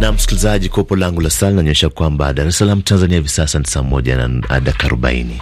Na msikilizaji, kopo langu la sala linaonyesha kwamba Dar es Salaam Tanzania hivi sasa ni saa moja na dakika arobaini.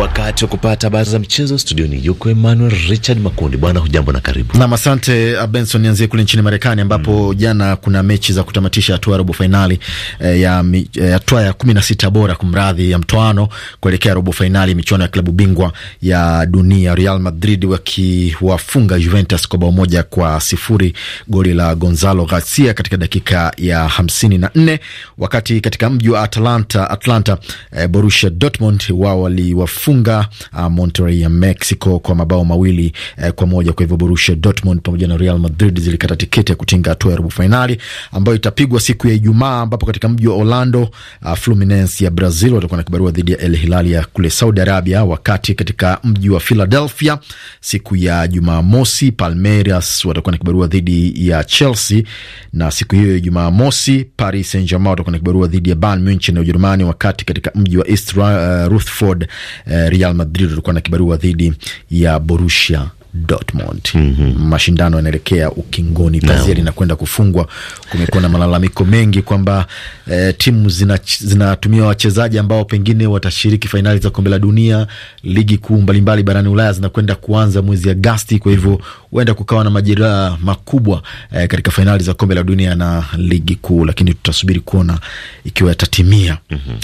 Wakati wa kupata habari za mchezo studioni, yuko Emmanuel Richard Makundi. Bwana hujambo na karibu nam. Asante uh, Benson, nianzie kule nchini Marekani ambapo mm, jana kuna mechi za kutamatisha hatua ya robo fainali eh, ya eh, hatua ya kumi na sita bora kumradhi, ya mtoano kuelekea robo fainali ya michuano ya klabu bingwa ya dunia, Real Madrid wakiwafunga Juventus kwa bao moja kwa sifuri, goli la Gonzalo Garcia katika dakika ya hamsini na nne wakati katika mji wa Atlanta, Atlanta eh, Borussia Dortmund wao waliwafunga kuifunga uh, Monterrey ya Mexico kwa mabao mawili eh, kwa moja. Kwa hivyo Borussia Dortmund pamoja na Real Madrid zilikata tiketi ya kutinga hatua ya robo fainali ambayo itapigwa siku ya Ijumaa, ambapo katika mji wa Orlando uh, Fluminense ya Brazil watakuwa na kibarua dhidi ya El Hilal ya kule Saudi Arabia, wakati katika mji wa Philadelphia siku ya Jumamosi Palmeiras watakuwa na kibarua dhidi ya Chelsea, na siku hiyo ya Jumamosi Paris Saint Germain watakuwa na kibarua dhidi ya Bayern Munich ya Ujerumani, wakati katika mji wa East uh, Rutherford uh, Eh, Real Madrid walikuwa na kibarua dhidi ya Borussia Dortmund. Mm -hmm. Mashindano yanaelekea ukingoni, pazia linakwenda kufungwa. Kumekuwa na malalamiko mengi kwamba e, timu zinatumia zina wachezaji ambao pengine watashiriki fainali za kombe la dunia, ligi kuu mbalimbali barani Ulaya zinakwenda kuanza mwezi Agasti, kwa hivyo huenda kukawa na majeraha makubwa e, katika fainali za kombe la dunia na ligi kuu, lakini tutasubiri kuona ikiwa yatatimia. Mm -hmm.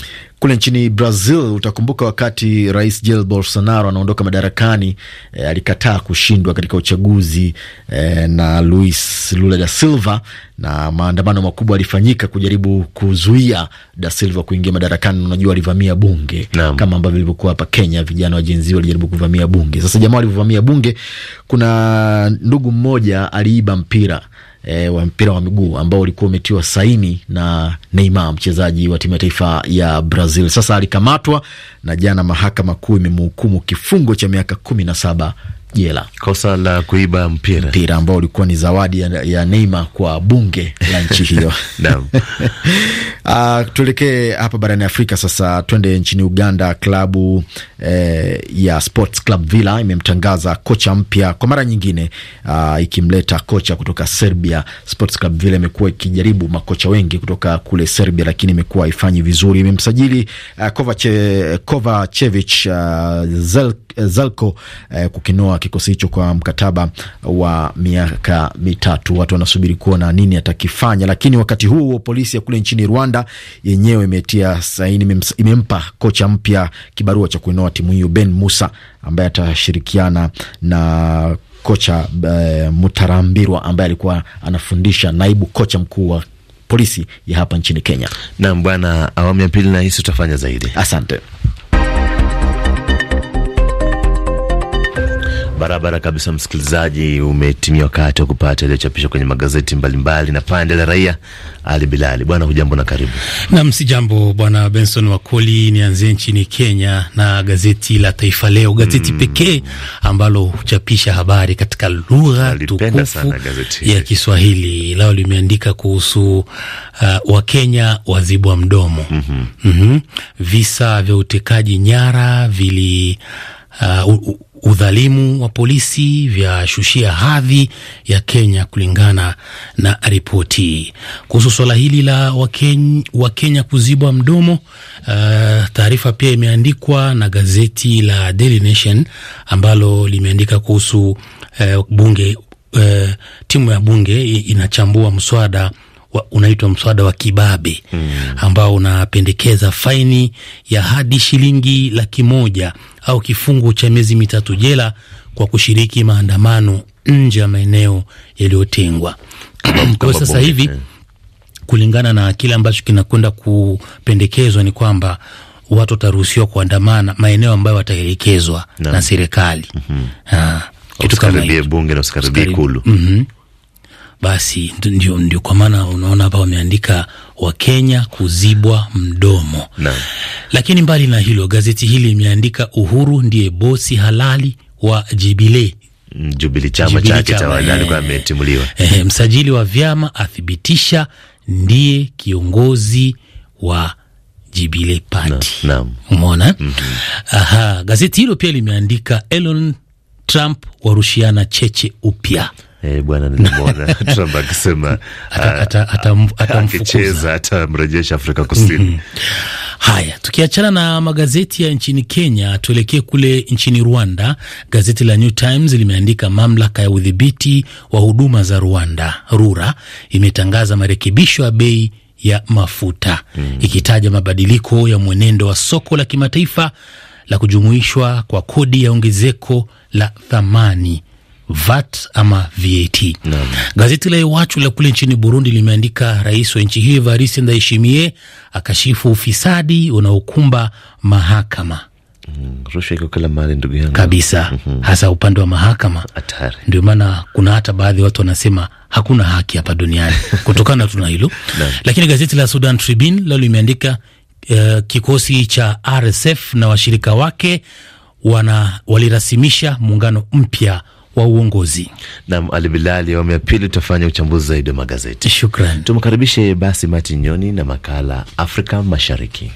Kule nchini Brazil utakumbuka wakati rais Jair Bolsonaro anaondoka madarakani e, alikataa kushindwa katika uchaguzi e, na Luis Lula da Silva, na maandamano makubwa yalifanyika kujaribu kuzuia da Silva kuingia madarakani. Unajua, alivamia bunge Naam. kama ambavyo ilivyokuwa hapa Kenya, vijana wa jenzi walijaribu kuvamia bunge. Sasa jamaa alivyovamia bunge, kuna ndugu mmoja aliiba mpira e, wa mpira wa miguu ambao ulikuwa umetiwa saini na Neymar, mchezaji wa timu ya taifa ya Brazil. Sasa alikamatwa na jana mahakama kuu imemhukumu kifungo cha miaka kumi na saba jela, kosa la kuiba mpira mpira ambao ulikuwa ni zawadi ya, ya Neymar kwa bunge la nchi hiyo. Uh, tuelekee hapa barani Afrika sasa, twende nchini Uganda. Klabu eh, ya Sports Club Villa imemtangaza kocha mpya kwa mara nyingine, uh, ikimleta kocha kutoka Serbia. Sports Club Villa imekuwa ikijaribu makocha wengi kutoka kule Serbia, lakini imekuwa haifanyi vizuri. Imemsajili uh, Kovacevic uh, Zelko uh, kukinoa kikosi hicho kwa mkataba wa miaka mitatu. Watu wanasubiri kuona nini atakifanya, lakini wakati huo huo polisi ya kule nchini Rwanda yenyewe imetia saini, imempa kocha mpya kibarua cha kuinoa timu hiyo, Ben Musa ambaye atashirikiana na kocha e, eh, Mutarambirwa ambaye alikuwa anafundisha naibu kocha mkuu wa polisi ya hapa nchini Kenya. Naam bwana, awamu ya pili nahisi utafanya zaidi. Asante. Barabara kabisa, msikilizaji, umetimia wakati wa kupata yaliyochapishwa kwenye magazeti mbalimbali na pande la Raia. Ali Bilali, bwana hujambo na karibu. Nam, si jambo bwana Benson Wakoli. Nianzie nchini Kenya na gazeti la Taifa Leo, gazeti mm, pekee ambalo huchapisha habari katika lugha tukufu ya Kiswahili. Lao limeandika kuhusu uh, Wakenya wazibwa mdomo mm -hmm. Mm -hmm. visa vya utekaji nyara vili uh, udhalimu wa polisi vyashushia hadhi ya Kenya, kulingana na ripoti kuhusu suala hili la Wakenya, Wakenya kuzibwa mdomo. Uh, taarifa pia imeandikwa na gazeti la Daily Nation ambalo limeandika kuhusu uh, bunge uh, timu ya bunge inachambua mswada unaitwa mswada wa kibabe mm, ambao unapendekeza faini ya hadi shilingi laki moja au kifungu cha miezi mitatu jela kwa kushiriki maandamano nje ya maeneo yaliyotengwa. Kwa sasa hivi kulingana na kile ambacho kinakwenda kupendekezwa ni kwamba watu wataruhusiwa kuandamana maeneo ambayo wataelekezwa na, na serikali mm -hmm. kitu kama hicho, bunge na usikaribie ikulu mm -hmm basi ndio, ndio kwa maana unaona hapa wameandika Wakenya kuzibwa mdomo na. Lakini mbali na hilo, gazeti hili imeandika Uhuru ndiye bosi halali wa Jubilee mm, Jubili chama chake eh. ametimuliwa. msajili wa vyama athibitisha ndiye kiongozi wa Jubilee Party. Naam. Umeona? Mm -hmm. Aha, gazeti hilo pia limeandika Elon Trump warushiana cheche upya eh, bwana nilimwona Trump akisema ah, akicheza atamrejesha Afrika Kusini. mm -hmm. Haya, tukiachana na magazeti ya nchini Kenya, tuelekee kule nchini Rwanda. Gazeti la New Times limeandika mamlaka ya udhibiti wa huduma za Rwanda, RURA, imetangaza marekebisho ya bei ya mafuta mm, ikitaja mabadiliko ya mwenendo wa soko la kimataifa la kujumuishwa kwa kodi ya ongezeko la thamani VAT ama VAT. No. Gazeti la Iwachu la kule nchini Burundi limeandika rais wa nchi hiyo Evariste Ndayishimiye akashifu ufisadi unaokumba mahakama. Mm, rushwa iko kila mahali ndugu yangu kabisa. mm -hmm. Hasa upande wa mahakama, ndio maana kuna hata baadhi ya watu wanasema hakuna haki hapa duniani kutokana tuna hilo Lakini gazeti la Sudan Tribune lao limeandika uh, kikosi cha RSF na washirika wake wana walirasimisha muungano mpya wa uongozi. Nam Ali Bilali, awamu ya pili tutafanya uchambuzi zaidi wa magazeti. Shukran. Tumkaribishe basi Martin Nyoni na makala Afrika Mashariki.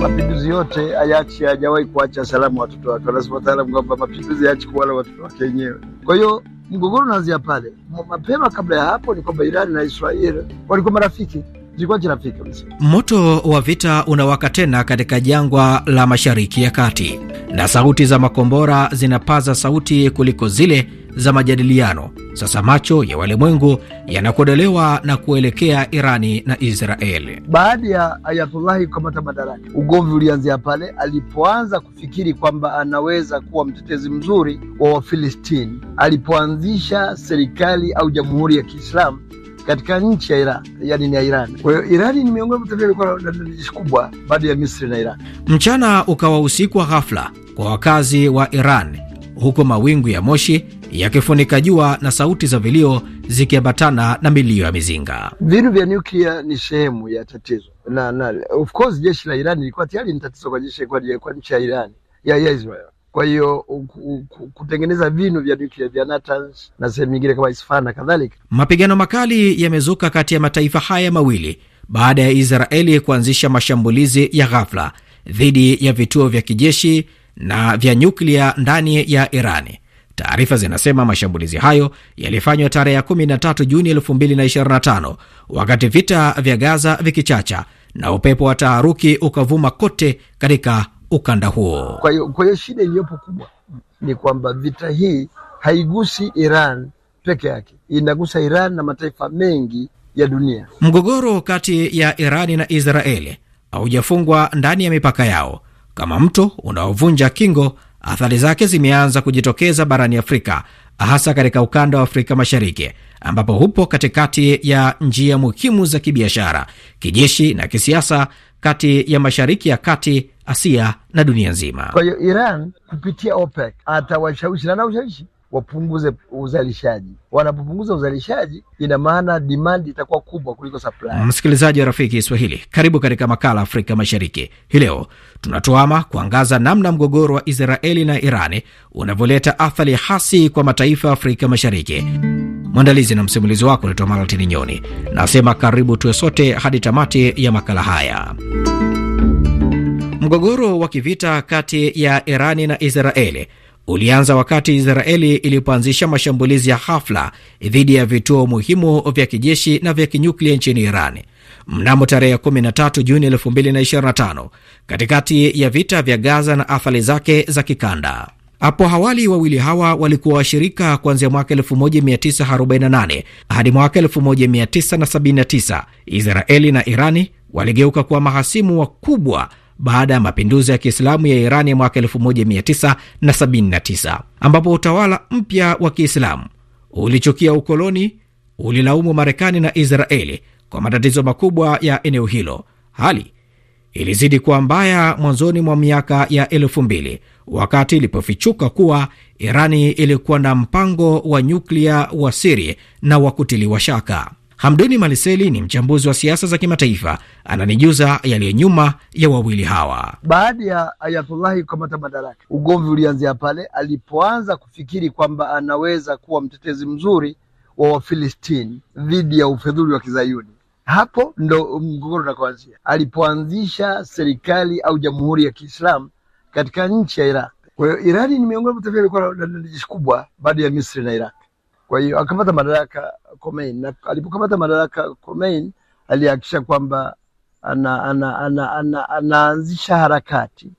Mapinduzi yote hayachi, hajawahi kuacha salamu watoto wake. Wanasema wataalam kwamba mapinduzi hayachi kuwala watoto wake wenyewe, kwa hiyo mgogoro unaanzia pale mapema. Kabla ya hapo ni kwamba Irani na Israeli walikuwa marafiki zilikuwa zinafika. Moto wa vita unawaka tena katika jangwa la Mashariki ya Kati, na sauti za makombora zinapaza sauti kuliko zile za majadiliano. Sasa macho ya walimwengu yanakodolewa na kuelekea Irani na Israeli baada ya Ayatullahi kukamata madaraka. Ugomvi ulianzia pale alipoanza kufikiri kwamba anaweza kuwa mtetezi mzuri wa Wafilistini, alipoanzisha serikali au jamhuri ya Kiislamu katika nchi ya Iran, yani ni ya Iran. Kwa hiyo Irani ni miongoni mwa taifa na kubwa baada ya Misri na Iran. Mchana ukawa usiku wa ghafla kwa wakazi wa Iran, huko mawingu ya moshi yakifunika jua na sauti za vilio zikiambatana na milio ya mizinga. Vinu vya nyuklia ni sehemu ya tatizo na, na of course jeshi la Iran lilikuwa tayari ni tatizo kwa jeshi kwa nchi ya Iran ya, ya Israel kwa hiyo kutengeneza vinu vya nuclear vya natans na sehemu nyingine kama Isfahan na kadhalika. Mapigano makali yamezuka kati ya mataifa haya mawili baada ya Israeli kuanzisha mashambulizi ya ghafla dhidi ya vituo vya kijeshi na vya nyuklia ndani ya Irani. Taarifa zinasema mashambulizi hayo yalifanywa tarehe ya 13 Juni 2025 wakati vita vya Gaza vikichacha na upepo wa taharuki ukavuma kote katika ukanda huo. Kwa hiyo kwa hiyo shida iliyopo kubwa ni kwamba vita hii haigusi Iran peke yake, inagusa Iran na mataifa mengi ya dunia. Mgogoro kati ya Irani na Israeli haujafungwa ndani ya mipaka yao. Kama mto unaovunja kingo, athari zake zimeanza kujitokeza barani Afrika hasa katika ukanda wa Afrika Mashariki ambapo hupo katikati ya njia muhimu za kibiashara, kijeshi na kisiasa kati ya Mashariki ya Kati, Asia na dunia nzima. Kwa hiyo Iran kupitia OPEC atawashawishi na ushawishi wapunguze uzalishaji. Wanapopunguza uzalishaji, ina maana demand itakuwa kubwa kuliko supply. Msikilizaji wa Rafiki Kiswahili, karibu katika makala Afrika Mashariki. Hii leo tunatuama kuangaza namna mgogoro wa Israeli na Irani unavyoleta athari hasi kwa mataifa ya Afrika Mashariki. Mwandalizi na msimulizi wako unaitwa Malatini Nyoni, nasema karibu tuwe sote hadi tamati ya makala haya. Mgogoro wa kivita kati ya Irani na Israeli ulianza wakati Israeli ilipoanzisha mashambulizi ya hafla dhidi ya vituo muhimu vya kijeshi na vya kinyuklia nchini Irani mnamo tarehe 13 Juni 2025 katikati ya vita vya Gaza na athari zake za kikanda. Hapo awali wawili hawa walikuwa washirika kuanzia mwaka 1948 hadi mwaka 1979. Israeli na Irani waligeuka kuwa mahasimu wakubwa baada ya mapinduzi ya Kiislamu ya Irani ya mwaka 1979 ambapo utawala mpya wa Kiislamu ulichukia ukoloni, ulilaumu Marekani na Israeli kwa matatizo makubwa ya eneo hilo. Hali ilizidi kuwa mbaya mwanzoni mwa miaka ya elfu mbili wakati ilipofichuka kuwa Irani ilikuwa na mpango wa nyuklia wa siri na wa kutiliwa shaka. Hamduni Maliseli ni mchambuzi wa siasa za kimataifa, ananijuza yaliyo nyuma ya wawili hawa. Baada ya Ayatullahi kukamata madaraka, ugomvi ulianzia pale alipoanza kufikiri kwamba anaweza kuwa mtetezi mzuri wa Wafilistini dhidi ya ufedhuli wa Kizayuni. Hapo ndo mgogoro unakoanzia, alipoanzisha serikali au jamhuri ya Kiislamu katika nchi ya Iraq. Kwa hiyo Irani ni miongoni mwa mataifa na jeshi kubwa baada ya Misri na Iraq. Kwa hiyo akamata madaraka Khomeini, na alipokamata madaraka Khomeini alihakikisha kwamba ana, ana, ana, ana, anaanzisha harakati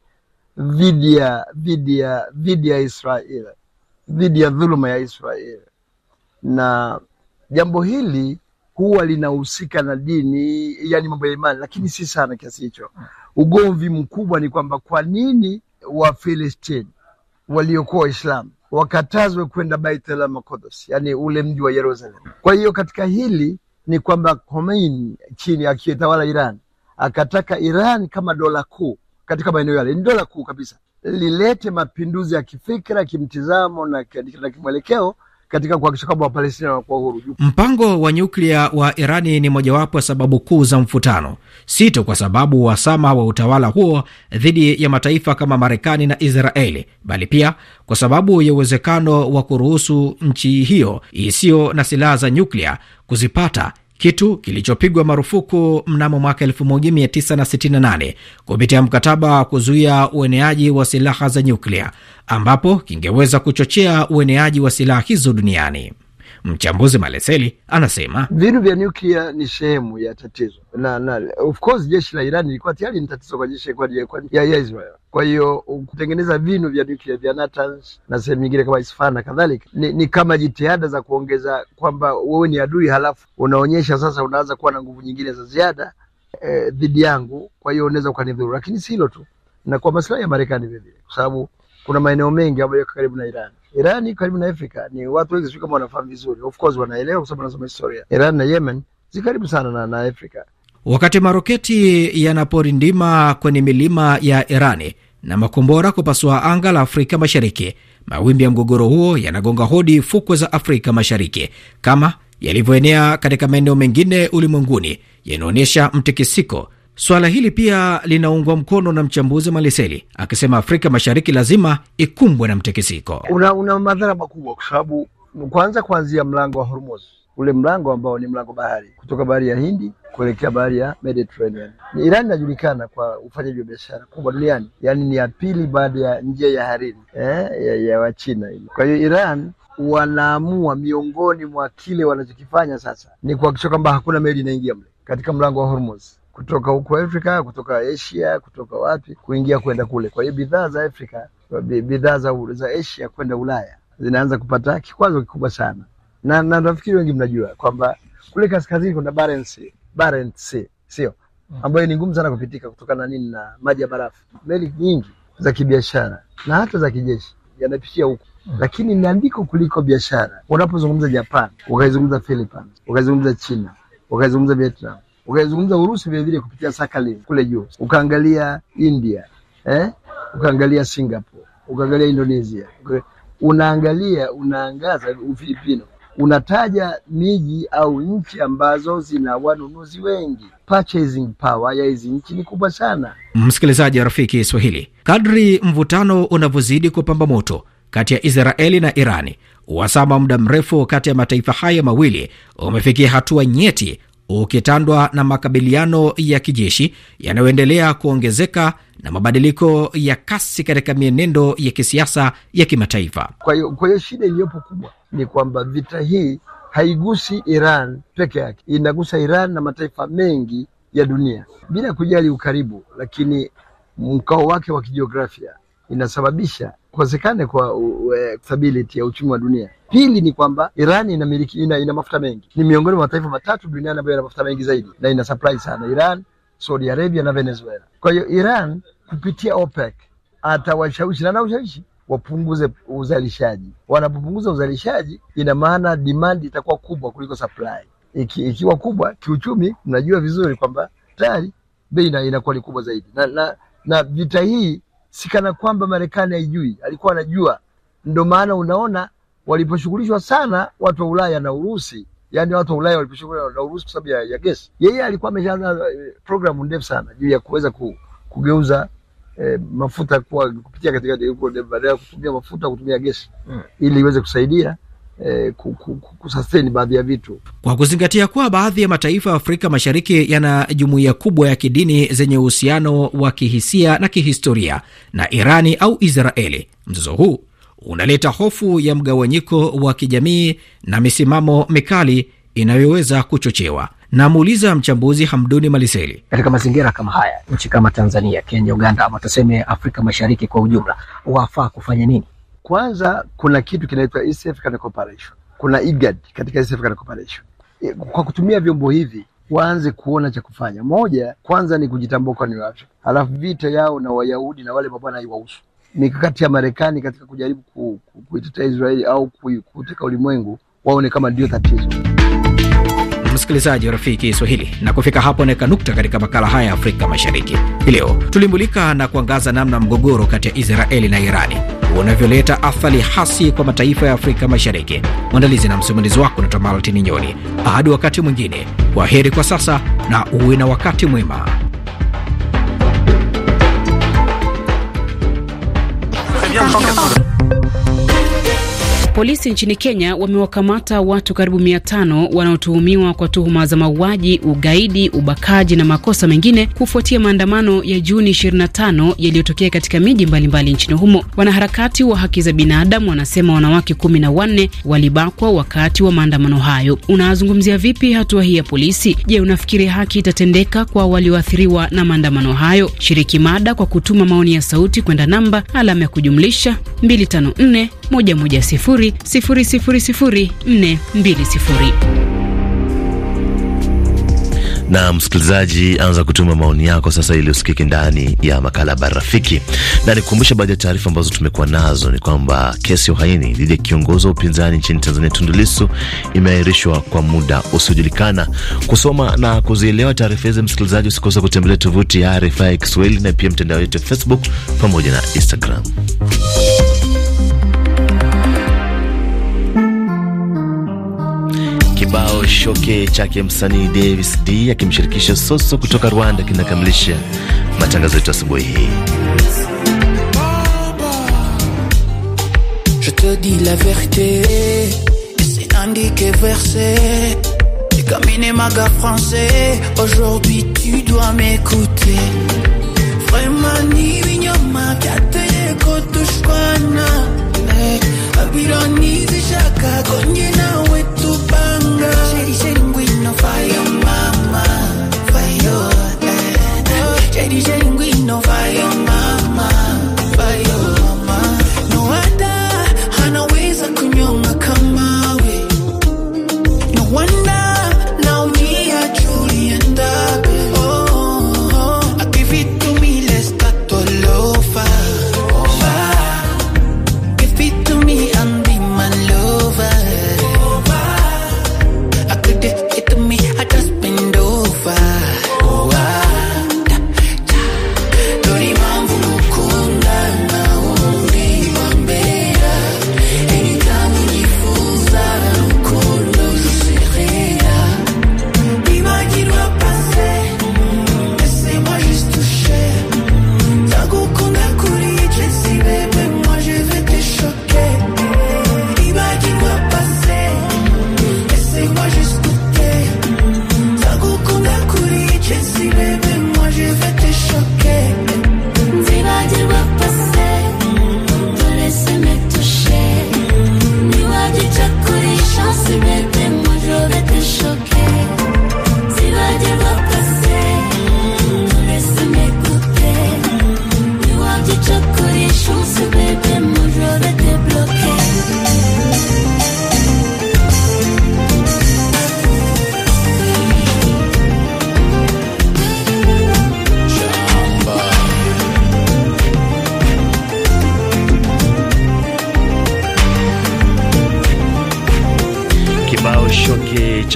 dhidi ya dhidi ya dhidi ya Israel dhidi ya dhuluma ya israel na jambo hili huwa linahusika na dini, yani mambo ya imani, lakini si sana kiasi hicho. Ugomvi mkubwa ni kwamba kwa nini Wafilistini waliokuwa Waislamu wakatazwe kwenda Baitul Maqdis, yani ule mji wa Yerusalem. Kwa hiyo katika hili ni kwamba Khomeini chini akitawala Iran akataka Iran kama dola kuu katika maeneo yale, ni dola kuu kabisa, lilete mapinduzi ya kifikra, kimtizamo na, na kimwelekeo katika kuhakikisha kwamba Wapalestina wanakuwa huru. Mpango wa nyuklia wa Irani ni mojawapo ya sababu kuu za mvutano, si tu kwa sababu uhasama wa utawala huo dhidi ya mataifa kama Marekani na Israeli, bali pia kwa sababu ya uwezekano wa kuruhusu nchi hiyo isiyo na silaha za nyuklia kuzipata kitu kilichopigwa marufuku mnamo mwaka 1968 kupitia mkataba wa kuzuia ueneaji wa silaha za nyuklia, ambapo kingeweza kuchochea ueneaji wa silaha hizo duniani. Mchambuzi Maleseli anasema vinu vya nuklia ni sehemu ya tatizo na, na, of course jeshi la Irani ilikuwa tayari ni tatizo kwa jeshi ya, ya Israel. Kwa hiyo kutengeneza vinu vya nuklia vya Natanz na sehemu nyingine kama Isfahan na kadhalika ni, ni kama jitihada za kuongeza kwamba wewe ni adui, halafu unaonyesha sasa unaanza kuwa na nguvu nyingine za ziada eh, dhidi eh, yangu. Kwa hiyo unaweza ukanidhuru, lakini si hilo tu, na kwa maslahi ya Marekani vile, kwa sababu kuna maeneo mengi ambayo yako karibu na Iran. Iran iko karibu na Afrika, ni watu wengi sio kama wanafahamu vizuri. Of course wanaelewa kwa sababu wanasoma historia. Iran na Yemen zi karibu sana na, na Afrika. Wakati maroketi yanaporindima kwenye milima ya Irani na makombora kupasua anga la Afrika Mashariki, mawimbi ya mgogoro huo yanagonga hodi fukwe za Afrika Mashariki kama yalivyoenea katika maeneo mengine ulimwenguni, yanaonyesha mtikisiko Swala hili pia linaungwa mkono na mchambuzi Maliseli akisema Afrika Mashariki lazima ikumbwe na mtikisiko. Una, una madhara makubwa kwa sababu kwanza, kuanzia mlango wa Hormuz, ule mlango ambao ni mlango bahari kutoka bahari ya Hindi kuelekea bahari ya Mediterranean. Iran inajulikana kwa ufanyaji wa biashara kubwa duniani, yaani ni ya pili baada ya njia ya hariri eh, ya Wachina. Kwa hiyo Iran wanaamua miongoni mwa kile wanachokifanya sasa ni kuhakikisha kwamba hakuna meli inaingia mle katika mlango wa Hormuz kutoka huko Afrika, kutoka Asia, kutoka wapi kuingia kwenda kule. Kwa hiyo bidhaa za Afrika, bidhaa za, za Asia kwenda Ulaya zinaanza kupata kikwazo kikubwa sana, na na nafikiri wengi mnajua kwamba kule kaskazini kuna Barents Barents Sea, sio mm. ambayo ni ngumu sana kupitika kutokana na nini, na maji ya barafu. Meli nyingi za kibiashara na hata za kijeshi yanapishia huko mm. lakini ni andiko kuliko biashara. Unapozungumza Japan, ukaizungumza Philippines, ukaizungumza China, ukaizungumza Vietnam, ukazungumza Urusi vilevile kupitia Sakhalin kule juu, ukaangalia India eh? ukaangalia Singapore, ukaangalia Indonesia, unaangalia unaangaza Ufilipino, unataja miji au nchi ambazo zina wanunuzi wengi. Purchasing power ya hizi nchi ni kubwa sana. Msikilizaji wa rafiki swahili kadri mvutano unavyozidi kupamba moto kati ya Israeli na Irani, uhasama muda mrefu kati ya mataifa haya mawili umefikia hatua nyeti ukitandwa na makabiliano ya kijeshi yanayoendelea kuongezeka na mabadiliko ya kasi katika mienendo ya kisiasa ya kimataifa. Kwa hiyo kwa hiyo shida iliyopo kubwa ni kwamba vita hii haigusi Iran peke yake, inagusa Iran na mataifa mengi ya dunia bila kujali ukaribu, lakini mkao wake wa kijiografia inasababisha kukosekane kwa eh, stability ya uchumi wa dunia. Pili ni kwamba Irani inamiliki ina, ina mafuta mengi, ni miongoni mwa mataifa matatu duniani ambayo yana mafuta mengi zaidi na ina supply sana, Iran, Saudi Arabia na Venezuela. Kwa hiyo Iran kupitia OPEC atawashawishi na naushawishi wapunguze uzalishaji. Wanapopunguza uzalishaji, ina maana demand itakuwa kubwa kuliko supply. Iki, ikiwa kubwa kiuchumi, mnajua vizuri kwamba tayari bei inakuwa ni kubwa zaidi na, na, na vita hii sikana kwamba Marekani haijui, alikuwa anajua, ndio maana unaona waliposhughulishwa sana watu wa Ulaya na Urusi, yani watu wa Ulaya waliposhughulishwa na Urusi kwa sababu ya, ya gesi, yeye alikuwa ameshaanza eh, programu ndefu sana juu ya kuweza ku, kugeuza eh, mafuta kuwa kupitia katika badala ya kutumia mafuta kutumia gesi hmm, ili iweze kusaidia Eh, kusasteni baadhi ya vitu kwa kuzingatia kuwa baadhi ya mataifa ya Afrika Mashariki yana jumuiya kubwa ya kidini zenye uhusiano wa kihisia na kihistoria na Irani au Israeli. Mzozo huu unaleta hofu ya mgawanyiko wa kijamii na misimamo mikali inayoweza kuchochewa. Namuuliza mchambuzi Hamduni Maliseli, katika mazingira kama haya, nchi kama Tanzania, Kenya, Uganda ama tuseme Afrika Mashariki kwa ujumla, wafaa kufanya nini? Kwanza, kuna kitu kinaitwa East African Cooperation, kuna IGAD katika East African Cooperation. E, kwa kutumia vyombo hivi waanze kuona cha kufanya. Moja, kwanza ni kujitambua kwa ni Waafrika, halafu vita yao na Wayahudi na wale mabwana haiwahusu mikakati ya Marekani katika kujaribu ku, ku, kuitetea Israeli au kuteka ulimwengu waone kama ndio tatizo. Msikilizaji wa rafiki Kiswahili, na kufika hapo naweka nukta katika makala haya ya Afrika Mashariki hii leo. Tulimulika na kuangaza namna mgogoro kati ya Israeli na Irani unavyoleta athari hasi kwa mataifa ya Afrika Mashariki. Mwandalizi na msimulizi wako naitwa Nyoni. Hadi wakati mwingine, kwa heri kwa sasa na uwe na wakati mwema. Focus. Polisi nchini Kenya wamewakamata watu karibu mia tano wanaotuhumiwa kwa tuhuma za mauaji, ugaidi, ubakaji na makosa mengine kufuatia maandamano ya Juni 25 yaliyotokea katika miji mbalimbali nchini humo. Wanaharakati wa haki za binadamu wanasema wanawake kumi na wanne walibakwa wakati wa maandamano hayo. Unazungumzia vipi hatua hii ya polisi? Je, unafikiri haki itatendeka kwa walioathiriwa na maandamano hayo? Shiriki mada kwa kutuma maoni ya sauti kwenda namba alama ya kujumlisha 254 na msikilizaji, anza kutuma maoni yako sasa ili usikike ndani ya makala Habari Rafiki, na nikukumbusha baadhi ya taarifa ambazo tumekuwa nazo ni kwamba kesi ya uhaini dhidi ya kiongozi wa upinzani nchini Tanzania Tundu Lissu imeahirishwa kwa muda usiojulikana. Kusoma na kuzielewa taarifa hizi, msikilizaji, usikose kutembelea tovuti ya RFI Kiswahili na pia mtandao wetu Facebook pamoja na Instagram. kibao shoke chake msanii Davis D akimshirikisha Soso kutoka Rwanda kinakamilisha matangazo yetu asubuhi hii. Je te dis la vérité c'est indiqué verset Kamine maga français aujourd'hui tu dois m'écouter vraiment ni winyoma kateye kotushwana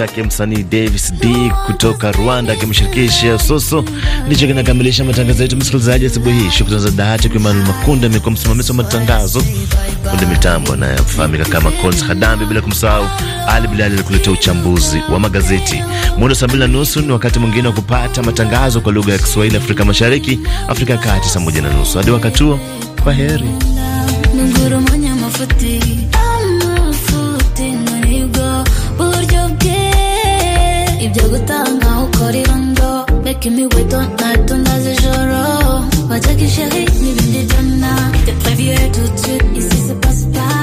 chake msanii Davis D kutoka Rwanda akimshirikisha Soso ndicho kinakamilisha matangazo yetu, msikilizaji, asubuhi hii. Shukrani za dhati kwa Emmanuel Makunda, amekuwa msimamizi wa matangazo, kunde mitambo anayefahamika kama Collins Hadambi, bila kumsahau Ali Bilali alikuletea uchambuzi wa magazeti muda saa mbili na nusu. Ni wakati mwingine wa kupata matangazo kwa lugha ya Kiswahili Afrika Mashariki, Afrika ya Kati, saa moja na nusu. Hadi wakati huo, kwa heri. mafuti, Kimewai tona tona zéro Pas dire que chérie, ni bien des T'es prévenu tout de suite, ici se passe pas